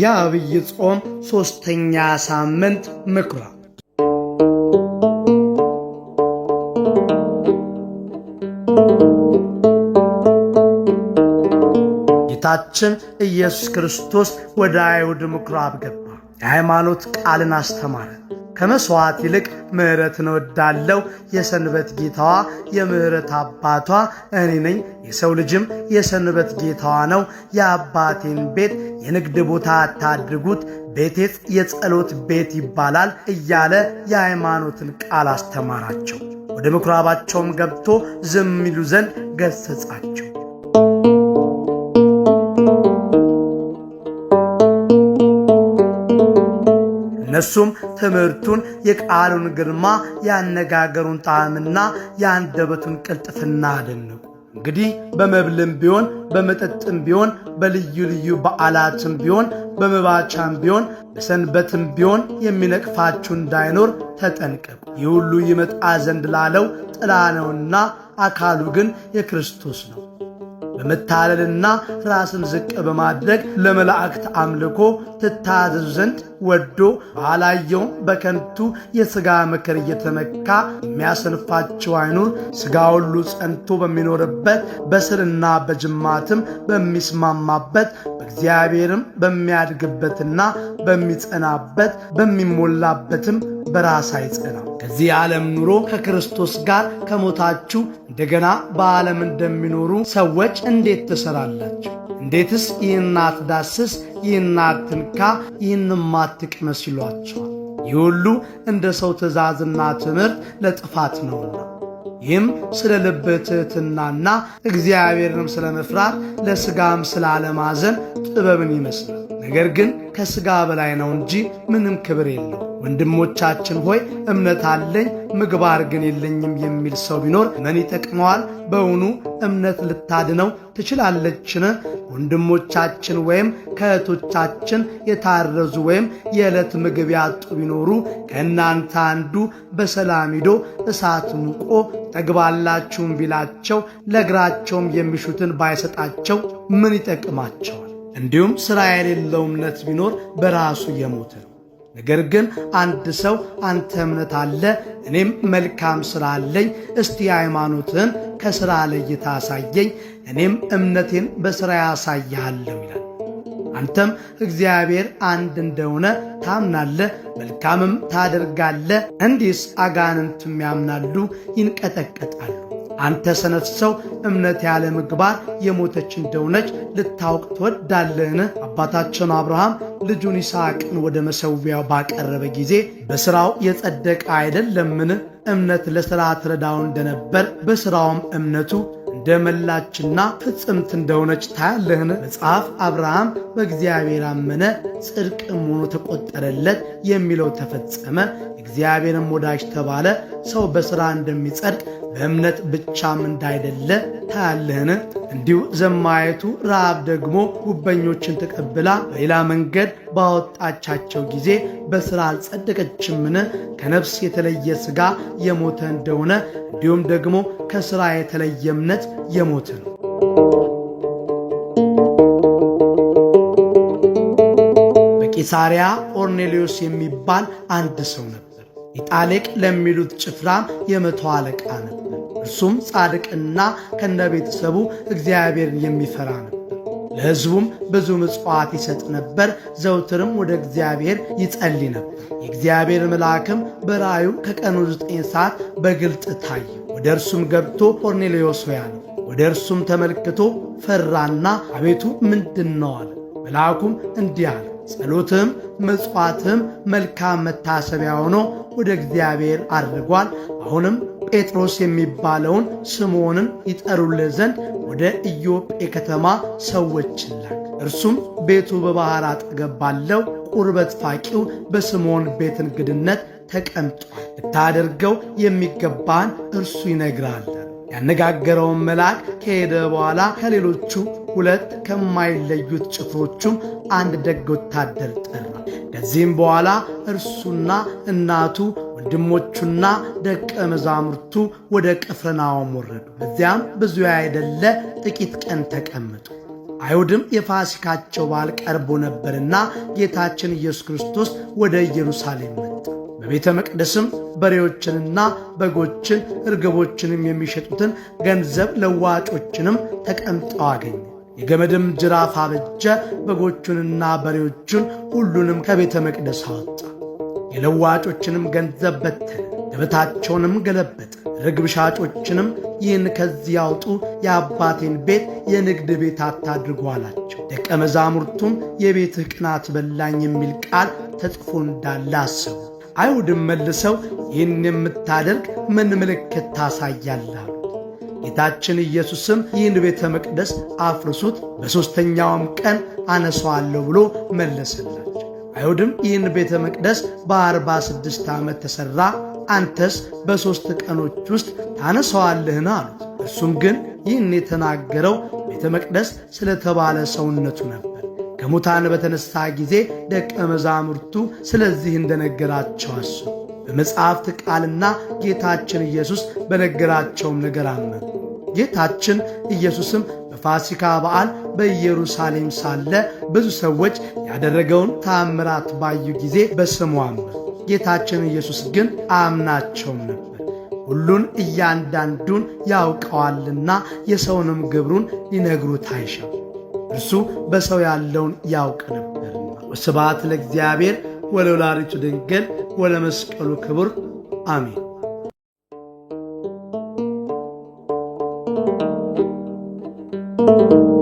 የአብይ ጾም ሦስተኛ ሳምንት ምኵራብ ጌታችን ኢየሱስ ክርስቶስ ወደ አይሁድ ምክራ ገባ፣ የሃይማኖት ቃልን አስተማረ። ከመስዋዕት ይልቅ ምሕረትን እወዳለሁ። የሰንበት ጌታዋ የምሕረት አባቷ እኔ ነኝ። የሰው ልጅም የሰንበት ጌታዋ ነው። የአባቴን ቤት የንግድ ቦታ አታድርጉት፣ ቤቴ የጸሎት ቤት ይባላል እያለ የሃይማኖትን ቃል አስተማራቸው። ወደ ምኩራባቸውም ገብቶ ዝም ይሉ ዘንድ ገሰጻቸው እነሱም ትምህርቱን፣ የቃሉን ግርማ፣ የአነጋገሩን ጣዕምና የአንደበቱን ቅልጥፍና አደነቁ። እንግዲህ በመብልም ቢሆን በመጠጥም ቢሆን በልዩ ልዩ በዓላትም ቢሆን በመባቻም ቢሆን በሰንበትም ቢሆን የሚነቅፋችሁ እንዳይኖር ተጠንቀቁ። ይህ ሁሉ ይመጣ ዘንድ ላለው ጥላ ነውና አካሉ ግን የክርስቶስ ነው። በመታለልና ራስን ዝቅ በማድረግ ለመላእክት አምልኮ ትታዘዝ ዘንድ ወዶ ባላየውም በከንቱ የሥጋ ምክር እየተመካ የሚያሰንፋቸው አይኑር ሥጋ ሁሉ ጸንቶ በሚኖርበት በስርና በጅማትም በሚስማማበት እግዚአብሔርም በሚያድግበትና በሚጸናበት በሚሞላበትም በራስ አይጸናም። ከዚህ ዓለም ኑሮ ከክርስቶስ ጋር ከሞታችሁ እንደገና በዓለም እንደሚኖሩ ሰዎች እንዴት ትሠራላችሁ? እንዴትስ ይህን አትዳስስ፣ ይህን አትንካ፣ ይህን አትቅመስ ይሏቸዋል። ይህ ሁሉ እንደ ሰው ትእዛዝና ትምህርት ለጥፋት ነውና ይህም ስለ ልብ ትህትናና እግዚአብሔርንም ስለ መፍራት ለሥጋም ስላለማዘን ጥበብን ይመስላል። ነገር ግን ከሥጋ በላይ ነው እንጂ ምንም ክብር የለው። ወንድሞቻችን ሆይ እምነት አለኝ ምግባር ግን የለኝም የሚል ሰው ቢኖር ምን ይጠቅመዋል? በውኑ እምነት ልታድነው ትችላለችን? ወንድሞቻችን ወይም ከእህቶቻችን የታረዙ ወይም የዕለት ምግብ ያጡ ቢኖሩ ከእናንተ አንዱ በሰላም ሂዶ እሳት ሙቆ ጠግባላችሁም ቢላቸው ለእግራቸውም የሚሹትን ባይሰጣቸው ምን ይጠቅማቸው? እንዲሁም ሥራ የሌለው እምነት ቢኖር በራሱ የሞተ ነው። ነገር ግን አንድ ሰው አንተ እምነት አለ፣ እኔም መልካም ሥራ አለኝ፣ እስቲ ሃይማኖትህን ከሥራ ለይታ አሳየኝ፣ እኔም እምነቴን በሥራ ያሳይሃለሁ ይላል። አንተም እግዚአብሔር አንድ እንደሆነ ታምናለ መልካምም ታደርጋለ እንዲስ አጋንንትም ያምናሉ፣ ይንቀጠቀጣሉ። አንተ ሰነፍ ሰው እምነት ያለ ምግባር የሞተች እንደሆነች ልታውቅ ትወዳለህን? አባታችን አብርሃም ልጁን ይስሐቅን ወደ መሠዊያው ባቀረበ ጊዜ በሥራው የጸደቀ አይደለምን? እምነት ለሥራ ትረዳው እንደነበር በሥራውም እምነቱ እንደመላችና ፍጽምት እንደሆነች ታያለህን? መጽሐፍ አብርሃም በእግዚአብሔር አመነ ጽድቅም ሆኖ ተቆጠረለት የሚለው ተፈጸመ፣ እግዚአብሔርም ወዳጅ ተባለ። ሰው በሥራ እንደሚጸድቅ በእምነት ብቻም እንዳይደለ ታያለህን? እንዲሁ ዘማየቱ ረሃብ ደግሞ ጉበኞችን ተቀብላ በሌላ መንገድ ባወጣቻቸው ጊዜ በሥራ አልጸደቀችምን? ከነፍስ የተለየ ሥጋ የሞተ እንደሆነ እንዲሁም ደግሞ ከሥራ የተለየ እምነት የሞተ ነው። በቂሳሪያ ቆርኔሌዎስ የሚባል አንድ ሰው ነበር። ኢጣሌቅ ለሚሉት ጭፍራ የመቶ አለቃ ነበር። እርሱም ጻድቅና ከነ ቤተሰቡ እግዚአብሔርን የሚፈራ ነበር። ለሕዝቡም ብዙ ምጽዋት ይሰጥ ነበር። ዘውትርም ወደ እግዚአብሔር ይጸልይ ነበር። የእግዚአብሔር መልአክም በራዩ ከቀኑ ዘጠኝ ሰዓት በግልጥ ታየ። ወደ እርሱም ገብቶ ቆርኔሌዎስ ሆይ አለው። ወደ እርሱም ተመልክቶ ፈራና አቤቱ ምንድን ነው አለ። መልአኩም እንዲህ አለ፣ ጸሎትህም መጽዋትህም መልካም መታሰቢያ ሆኖ ወደ እግዚአብሔር አድርጓል። አሁንም ጴጥሮስ የሚባለውን ስምዖንን ይጠሩለት ዘንድ ወደ ኢዮጴ ከተማ ሰዎችላ ላክ። እርሱም ቤቱ በባሕር አጠገብ ባለው ቁርበት ፋቂው በስምዖን ቤት እንግድነት ተቀምጧል። ልታደርገው የሚገባን እርሱ ይነግራል። ያነጋገረውን መልአክ ከሄደ በኋላ ከሌሎቹ ሁለት ከማይለዩት ጭፍሮቹም አንድ ደግ ወታደር ጠራ። ከዚህም በኋላ እርሱና እናቱ ወንድሞቹና ደቀ መዛሙርቱ ወደ ቅፍርናሆም ወረዱ። በዚያም ብዙ ያይደለ ጥቂት ቀን ተቀመጡ። አይሁድም የፋሲካቸው በዓል ቀርቦ ነበርና ጌታችን ኢየሱስ ክርስቶስ ወደ ኢየሩሳሌም መጣ። በቤተ መቅደስም በሬዎችንና በጎችን እርግቦችንም የሚሸጡትን ገንዘብ ለዋጮችንም ተቀምጠው አገኘ። የገመድም ጅራፍ አበጀ። በጎቹንና በሬዎቹን ሁሉንም ከቤተ መቅደስ አወጣ። የለዋጮችንም ገንዘብ በተነ፣ ገበታቸውንም ገለበጠ። ርግብ ሻጮችንም ይህን ከዚህ ያውጡ፣ የአባቴን ቤት የንግድ ቤት አታድርጉ አላቸው። ደቀ መዛሙርቱም የቤትህ ቅናት በላኝ የሚል ቃል ተጽፎ እንዳለ አስቡ። አይሁድም መልሰው ይህን የምታደርግ ምን ምልክት ታሳያለህ? ጌታችን ኢየሱስም ይህን ቤተ መቅደስ አፍርሱት፣ በሦስተኛውም ቀን አነሳዋለሁ ብሎ መለሰላቸው። አይሁድም ይህን ቤተ መቅደስ በአርባ ስድስት ዓመት ተሠራ፣ አንተስ በሦስት ቀኖች ውስጥ ታነሰዋለህን አሉት። እርሱም ግን ይህን የተናገረው ቤተ መቅደስ ስለተባለ ሰውነቱ ነበር። ከሙታን በተነሳ ጊዜ ደቀ መዛሙርቱ ስለዚህ እንደነገራቸው አሱ በመጽሐፍት ቃልና ጌታችን ኢየሱስ በነገራቸውም ነገር አመኑ። ጌታችን ኢየሱስም በፋሲካ በዓል በኢየሩሳሌም ሳለ ብዙ ሰዎች ያደረገውን ታምራት ባዩ ጊዜ በስሙ አመኑ። ጌታችን ኢየሱስ ግን አምናቸው ነበር። ሁሉን እያንዳንዱን ያውቀዋልና የሰውንም ግብሩን ሊነግሩት አይሻም። እርሱ በሰው ያለውን ያውቅ ነበርና። ወስብሐት ለእግዚአብሔር ወለወላዲቱ ድንግል ወለመስቀሉ ክቡር አሜን። thank you